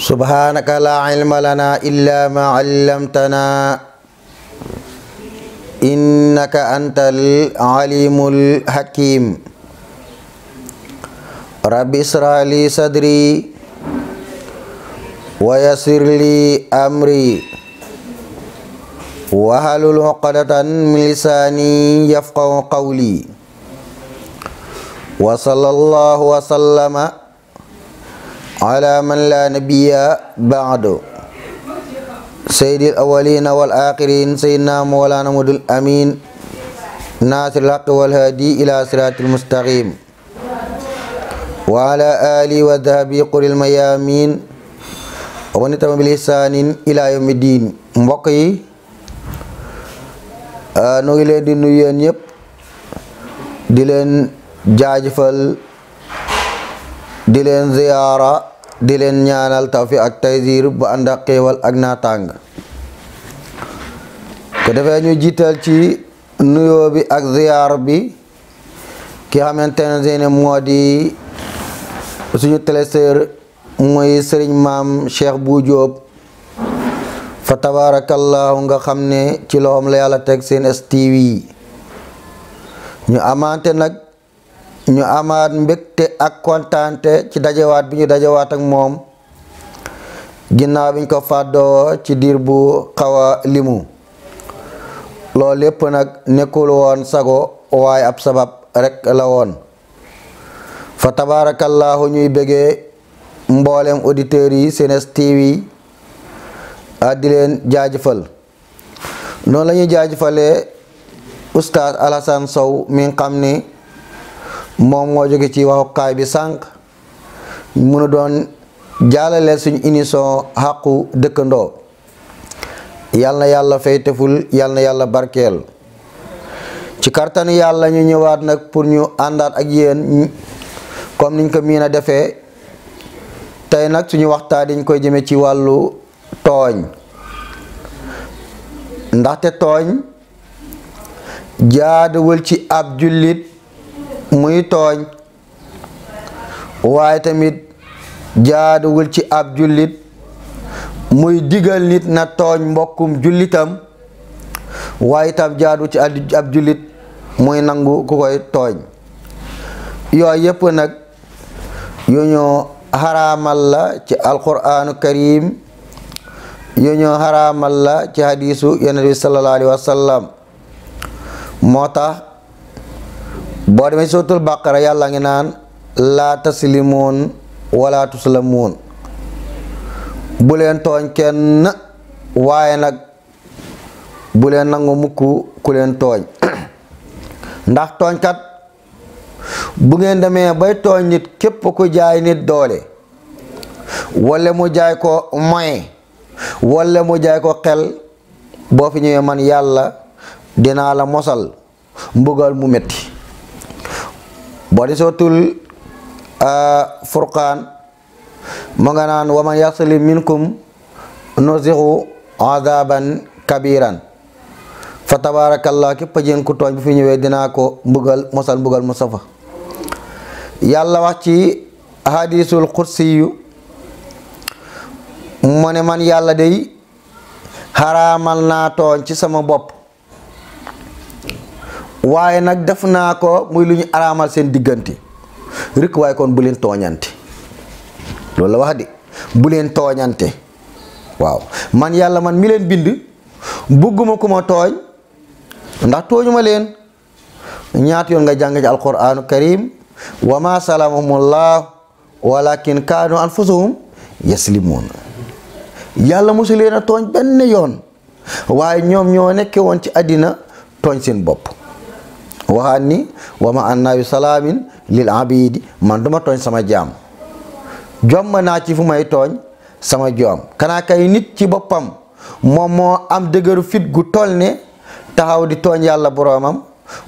سبحانك لا علم لنا إلا ما علمتنا إنك أنت العليم الحكيم رب اسرع لي صدري ويسر لي أمري وهل عقدة من لساني يفقه قولي وصلى الله وسلم على من لا نبي بعد سيد الأولين والآخرين سيدنا مولانا مد الأمين ناصر الحق والهادي إلى صراط المستقيم وعلى آلي وذهبي قل الميامين ونتم بلسان إلى يوم الدين مبقي yi nu ngi leen di nuyu yéen ñëpp di leen di leen taw tawfiq ak taysiir bu ànd ak xéewal ak naataang ko defee ñu jiital ci nuyoo bi ak ziyaar bi ki xamante ne moo di suñu téléseer mooy sëriñ maam Cheikh bu Diop fa tabaarakallaahu nga xam ne ci loxoom la yàlla teg seen STV ñu amante nag ñu amaat mbégte ak kontaante ci dajewaat bi ñu dajewaat ak moom ginnaaw biñ ko fàddoo ci diir bu xaw a limu loo lépp nag nekkul woon sago waaye ab sabab rekk la woon fa tabaarakallaahu ñuy bëggee mboolem auditeurs yi Sen TV ah, di leen jaajëfal noonu lañuy ñuy jaajëfalee oustaz Alassane Sow mi nga ni moom moo jóge ci waxukaay bi sànq munu doon jaalale suñu émission xàqu dëkkandoo yal na yàlla fay teful yal na yàlla barkeel ci kartanu yàlla ñu ñëwaat nag pour ñu àndaat ak yéen comme niñ ko miin a defee tey nag suñu waxtaan dañ koy jëme ci wàllu tooñ ndaxte tooñ jaaduwul ci ab jullit muy tooñ waaye tamit jaaduwul ci ab jullit muy digal nit na tooñ mbokkum jullitam waaye tam jaadu ci ab jullit muy nangu ku koy tooñ yooyu yépp nag yu ñu xaraamal la ci alquraanu karim yu ñu xaraamal la ci hadiisu yonent bi sallallahu alayhi boo demee sootul bàqara yàlla ngi naan laa taslimoon wala tuslamoon bu leen tooñ kenn waaye nag bu leen nangu mukk ku leen tooñ ndax tooñkat bu ngeen demee bay tooñ nit képp ku jaay nit doole walla mu jaay ko moyen walla mu jaay ko xel boo fi ñëwee man yàlla dinaa la mosal mbugal mu metti boo di sootul furqaan mu nga naan waman yaxsali minkum nusixu azaban kabiran fa tabarakallah képp jeen ku tooñ bu fi ñëwee dinaa ko mbugal mosal mbugal mu safa yàlla ci hadisul xursiyu mu man yàlla day xaraamal naa tooñ ci sama bopp waaye nag def naa ko muy lu ñu araamal seen diggante rek waaye kon bu leen tooñante loolu wax di bu leen tooñante waaw man yàlla man mi leen bind bugguma ku ma tooñ ndax tooñuma leen ñaat yoon nga jàng ci alquraanu karim wa ma salamahumullah walakin kaanu anfusahum yaslimuun yàlla mosu leen a tooñ benn yoon waaye ñoom ñoo nekke woon ci àddina tooñ seen bopp waxaat ni wa ma anna bi salaamin lil man duma tooñ sama jaam jomma naa ci fu may tooñ sama joom kanaa kay nit ci boppam moom moo am dëgëru fit gu toll ne taxaw di tooñ yàlla boroomam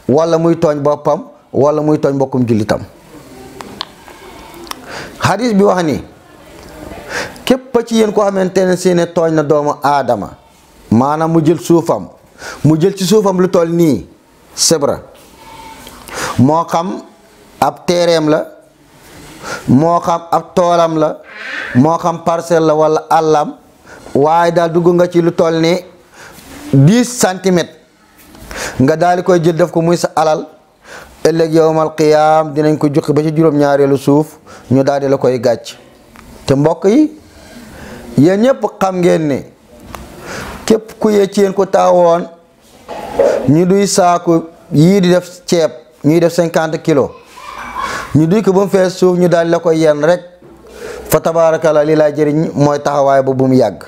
walla muy tooñ boppam wala muy tooñ mbokkum jullitam xadis bi wax ni képp ci yéen koo xamante ne seene tooñ na doomu aadama maanaam mu jël suufam mu jël ci suufam lu toll nii sebra moo xam ab téereem la moo xam ab toolam la moo xam parcelle la wala àllam waaye daal dugg nga ci lu tol ni dix centimètres nga daal koy jël def ko muy sa alal ëllëg yowmal qiyaam dinañ ko juqi ba ci juróom-ñaareelu suuf ñu daal di la koy gàcc te mbokk yi yéen ñëpp xam ngeen ne képp ku yee ci yéen ko taawoon ñu duy saaku yii di def ceeb ñuy def cinquante kilos ñu duy ko ba mu fees suuf ñu daal la ko yenn rek fa tabaarakala li laa jëriñ mooy taxawaay ba bu mu yàgg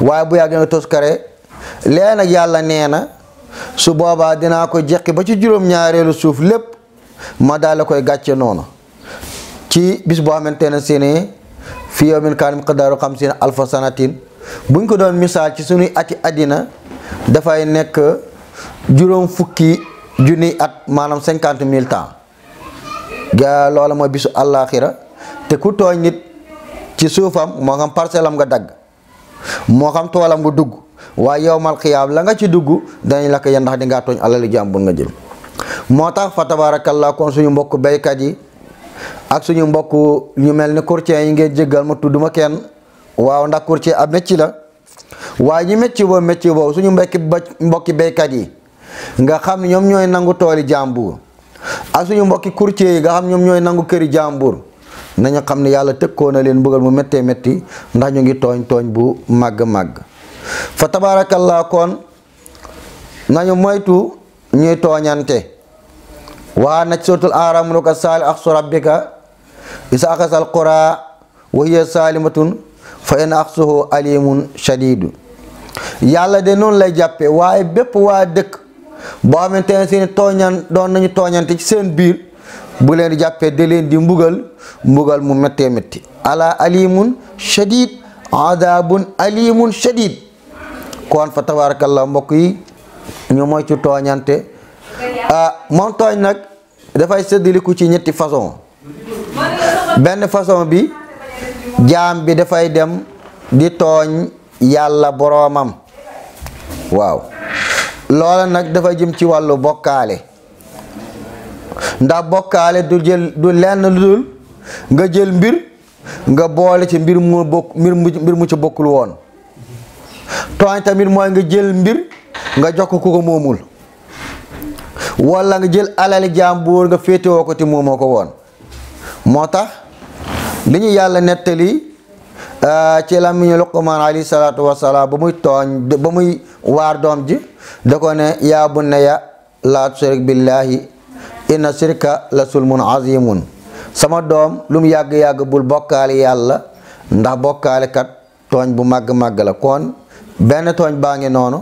waaye bu yàgg nga tos kare lee nag yàlla nee na su boobaa dinaa ko jeqi ba ci juróom-ñaareelu suuf lépp ma daal la koy gàcce noonu ci bis boo xamante ne si ne fii yawmin kaana miqdaaruhu xamsiina alfa sanatin buñ ko doon misaal ci suñuy ati àddina dafay nekk juróom fukki juni at manam 50000 tan ga lolou mooy bisu alakhirah te ku tooñ nit ci soufam mo xam parcelam nga dag mo xam tolam nga dug wa yawmal qiyam la nga ci dug dañ la ko yen ndax di nga tooñ alal jàmbur nga jël motax fa tabarakallah kon suñu mbokk béykat yi ak suñu mbokk ñu melni courtier yi ngeen jéggal ma tuduma kenn waaw ndax courtier ab metti la waaye ñu métier boobu métier suñu mbokk mbokk béykat yi nga xam ne ñoom ñooy nangu tooli jàmbur ak suñu mbokki courtier yi nga xam ñoom ñooy nangu këri jàmbur nañu xam ne yàlla tëkkoon na leen mbugal mu méttee métti ndax ñu ngi tooñ tooñ bu màgg-màgg fa tabaarakallaa kon nañu moytu ñuy tooñante waa naj sootul aram nu ko saali ak su rabbika isa axasal qura wa hiya saalimatun fa in axsuhu alimun shadidu yàlla de noonu lay jàppe waaye bépp waa dëkk boo xamante ne seeni tooñan doon nañu tooñante ci seen biir bu leen di jàppee da leen di mbugal mbugal mu méttee metti ala alimun shadid adabun alimun shadid kon fa tabarakallah mbokk yi ñu moytu tooñante ah, moom tooñ nag dafay séddaliku ci ñetti façon benn façon bi jaam bi dafay dem di tooñ yàlla boroomam waaw loola nag dafa jëm ci wàllu bokkaale ndax bokkaale du jël du lenn lu dul nga jël mbir nga boole ci mbir mu mbir mu mbir mu ci bokkul woon tooñ tamit mooy nga jël mbir nga jox ko ku ko moomul walla nga jël alali jàmbur nga féetewoo ko te moomoo ko woon moo tax li ñu yàlla nettali Euh, ci làmmiñu Luqmaan alayhi salaatu wasalaam ba muy tooñ ba muy waar doom ji da ko ne yaa bunayya laa tushrik billaahi inna shirka la sulmun azimun sama doom lu mu yàgg-yàgg bul bokkaale yàlla ndax bokkaale kat tooñ bu màgg-màgg la kon benn tooñ baa ngi noonu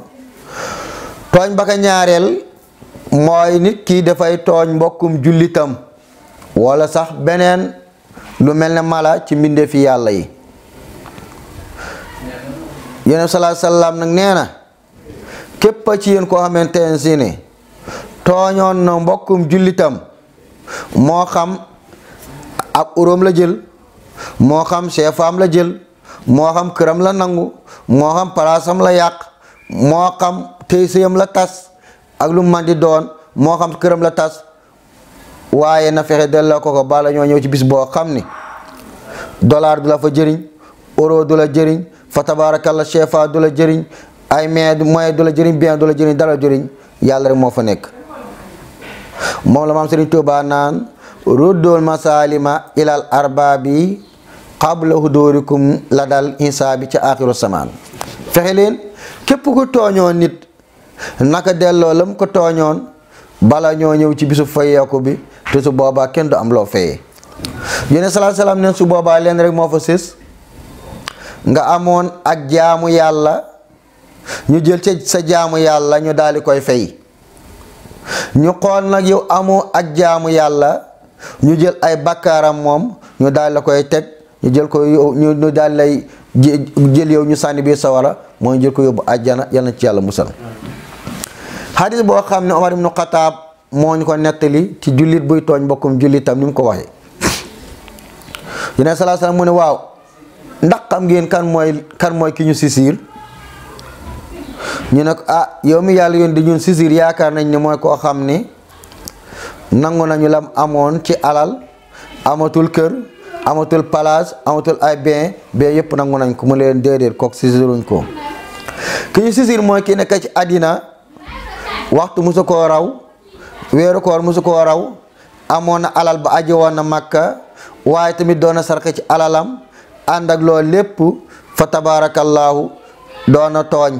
tooñ ba ka ñaareel mooy nit ki dafay tooñ mbokkum jullitam walla sax beneen lu mel ne mala ci mbindeefi yàlla yi yene sallallahu Alaihi wasallam nak neena kep ci yéen ko xamante sini toñon na mbokum julitam mo xam ab uróom la jël mo xam chefam la jël mo xam kërëm la nangu mo xam parasam la yàq mo xam teyseyam la tas ak lu mandi doon mo xam kërëm la tas waye na del la ko ko bala ñoo ñew ci bis bo xamni ni dollar dula fa jëriñ euro dula jëriñ fa tabaarakàlla chefa du la jëriñ ay moyen moyen du la jëriñ bien du la jëriñ dara jëriñ yàlla rek moo fa nekk moom la maam Sëriñ Tuubaa naan ruddul masalima ilal arbaabi qabla huduurikum la dal insaabi ci aaxiru samaan fexe leen képp ko tooñoon nit naka delloo lam ko tooñoon bala ñoo ñëw ci bisu fayeeku bi te su boobaa kenn du am loo fayee yéen salaam salaam neen su boobaa leen rek moo fa sës nga amoon ak jaamu yàlla ñu jël ca sa jaamu yàlla ñu daal di koy fay ñu xool nag yow amoo ak jaamu yàlla ñu jël ay bakkaaram moom ñu daal koy teg jël ko ñu lay jël yow ñu sànni biir sa sawara mooy jël ko yóbbu àjjana yal na ci yàlla musal xadis boo xam ne Omar ibnu Xataab moo ñu ko nettali ci jullit buy tooñ mbokkum jullitam ni mu ko waxee yeneen salaa salaam mu ne waaw ndax xam ngeen kan moy kan moy ki ñu sisir ñu nak ah yow mi yàlla di ñun sisir ya nañ ne moy ko xamni nangu nañu lam amon ci alal amatul kër amatul palaas amatul ay bien be yep nangu nañ ko mu leen sisiruñ ko ki ñu sisir moy ki nekk ci waktu waxtu musu ko raw wéru koor musu ko raw amoon alal ba aji woon na màkka waaye tamit doona sarxe ci alalam ànd ak loolu lépp fa tabaarakallaahu doon na tooñ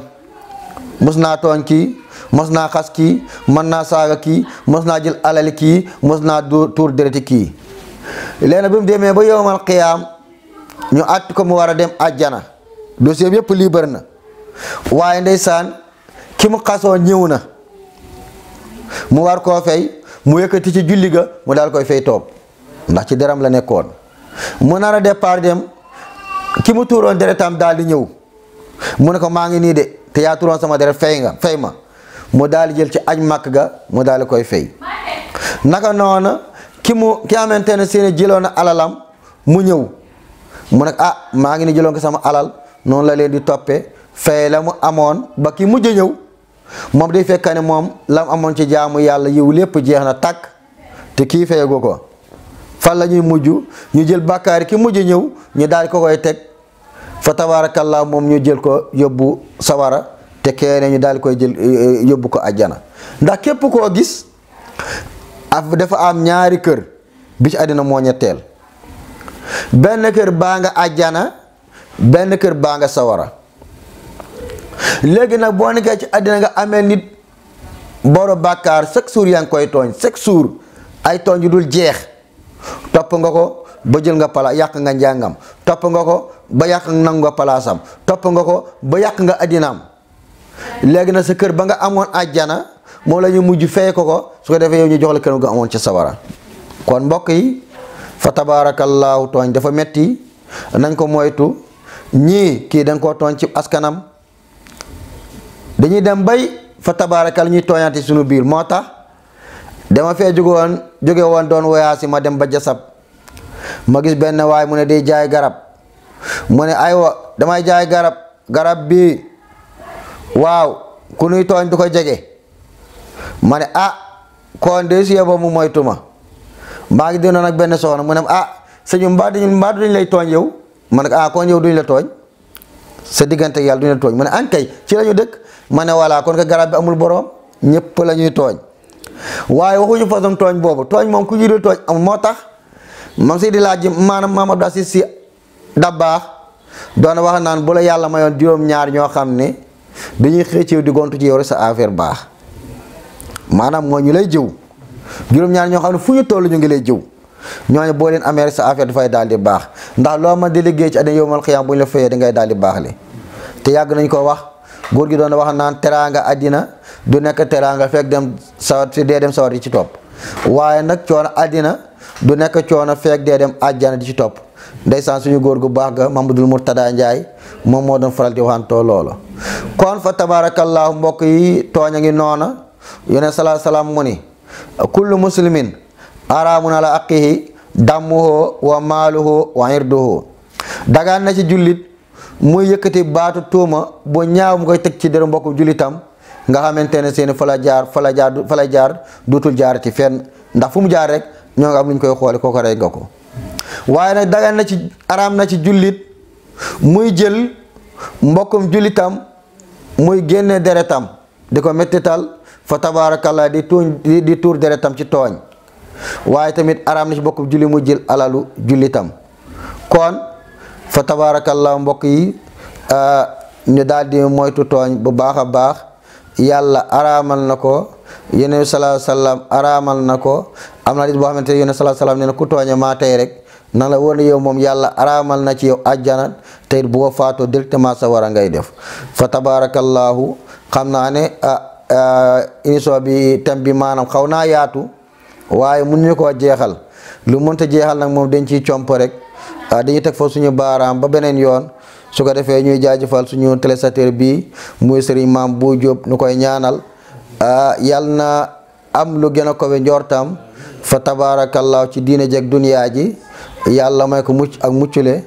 mos naa tooñ kii mos naa xas kii mën naa saaga ki mos naa jël alal ki mos naa tuur dereti kii léegi bi mu demee ba yowmal qiyaam ñu àtt ko mu war a dem àjjana dossier bi yëpp libre na waaye ndeysaan ki mu xasoo ñëw na mu war koo fay mu yëkkati ci julli mu daal koy fay toog ndax ci deram la nekkoon mu nar a départ ki mu tuuroon deretam daal di ñëw mu ne ko maa ngi nii de te yaa tuuroon sama deret fay nga fay ma mu daal di jël ci aj màkk ga mu daal di koy fay naka noonu ki mu ki xamante ne seeni jëloon alalam mu ñëw mu ne ah maa ngi ni jëloon ko sama alal noonu la leen di toppee fay la mu amoon ba ki mujj ñëw moom day fekk ne moom lam amoon ci jaamu yàlla yiw lépp jeex na takk te kii fayagoo ko fa lañuy muju ñu jël bakkar ki muju ñew ñu dal ko koy tek fa tabarakallah mom ñu jël ko yobbu sawara te keene ñu dal koy jël eh, eh, yobbu ko aljana ndax kep ko gis af dafa am ñaari kër bi ci adina mo ñettel ben kër ba nga aljana ben kër ba nga sawara léegi nak boo nekkee ci adina nga amé nit boro bakkar sax sur yang koy togn sax sur ay togn yu dul jeex topeng nga ko ba jël nga pala yak nga njangam top nga ko ba yàq nangu nga palaasam top nga ko ba yak nga adinam léegi na sa keur ba nga amoon aljana mo lañu muju fey ko ko su ko defee yow ñu jox la kër nga amoon ci sawara kon mbokk yi fa tabarakallahu toñ dafa metti nañ ko moytu ñi ki ko toñ ci askanam dañuy dem bay fa tabarakal ñi tuan suñu bir mota dama fe wan jogewon don woon ma dem ba jassab ma gis benn waay mu ne day jaay garab mu ne aywa damay jaay garab garab bi waaw ku nuy tooñ du ko jege ma ne a ah, kon de si yow mu moytu ma maa ngi dina nag benn soxna mu ne ah sëñ mbaa dañu mbaa duñ lay tooñ yow ma ne ah kon yow duñ la tooñ sa diggante yàlla duñ la tooñ ma ne ankay ci la dëkk ma ne voilà kon ko garab bi amul borom ñëpp la ñuy tooñ waaye waxuñu façon tooñ boobu tooñ moom ku ñu dul tooñ am moo tax. ma ngi si di laaj maanaam Mamadou Assis si Dabaax doon wax naan bu la yàlla mayoon juróom-ñaar ñoo xam ne dañuy xëccew di gontu ci yow rek sa affaire baax maanaam mooy ñu lay jëw juróom-ñaar ñoo xam ne fu ñu toll ñu ngi lay jëw ñooñu boo leen amee rek sa affaire dafay daal di baax ndax loo ma di liggéey ci àddina yowmal xiyaam bu ñu la fayee dangay daal di baax le te yàgg nañ ko wax góor gi doon wax naan teraanga àddina du nekk teraanga fekk dem sawar dee dem sawar yi ci topp waaye du nekk coono feek dee dem àjjana di ci topp ndeysaan suñu góor gu baax ga Mamadou Mourtada Ndiaye moom moo doon faral di waxantoo loola kon fa tabaarakallaahu mbokk yi tooñ a ngi noona yoneen salaa salaam mu ni kullu muslimin araamun ala aqihi dammuhu wa maaluhu wa irduhu dagaan na ci jullit muy yëkkati baatu tuuma bu ñaaw mu koy teg ci deru mbokku jullitam nga xamante ne seeni fa la jaar fa la jaar fa jaar duutul jaarati fenn ndax fu mu jaar rek ñoo nga am ñu koy xoole kooko rey nga ko waaye nag dagan na ci araam na ci jullit muy jël mbokkum jullitam muy génne deretam di ko mettital fa tabaarakallaa di tuur deretam ci tooñ waaye tamit araam na ci mbokkum julli muy jël alalu jullitam kon fa tabaarakallaa mbokk yi euh, ñu daldi moytu tooñ bu baax a baax yàlla araamal na ko yeneen salaa sallam araamal na ko am na hadis boo xamante ne yonent sallallahu alayhi wasallam nee na tey rek na la woon yow moom yàlla araamal na ci yow àjjana tey boo faatoo directement sa war a ngay def fa tabarakallahu xam naa ne ah, ah, émission bi thème bi maanaam xaw naa yaatu waaye mun ñu ko jeexal lu mënta jeexal nag moom dañ ciy comp rek ah, dañuy teg fa suñu baaraam ba beneen yoon su ko defee ñuy jaajëfal suñu téléspectateur bi muy sëriñ maam bu Jóob ñu koy ñaanal yàlla na am lu gën a ko njortam fa tabaarakallaahu ci diina jeeg duniyaa ji yàlla may ko mucc ak muccule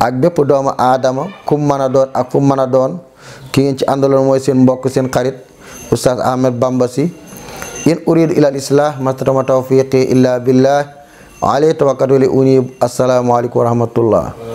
ak bépp doomu aadama kum mën a doon ak fu mën a doon ki ngeen ci àndaloon mooy seen mbokk seen xarit oustaz Ahmed Bamba Sy in uridu ila al islah mastatama tawfiqi illa billah alayhi tawakkaltu li unib assalaamu aleykum wa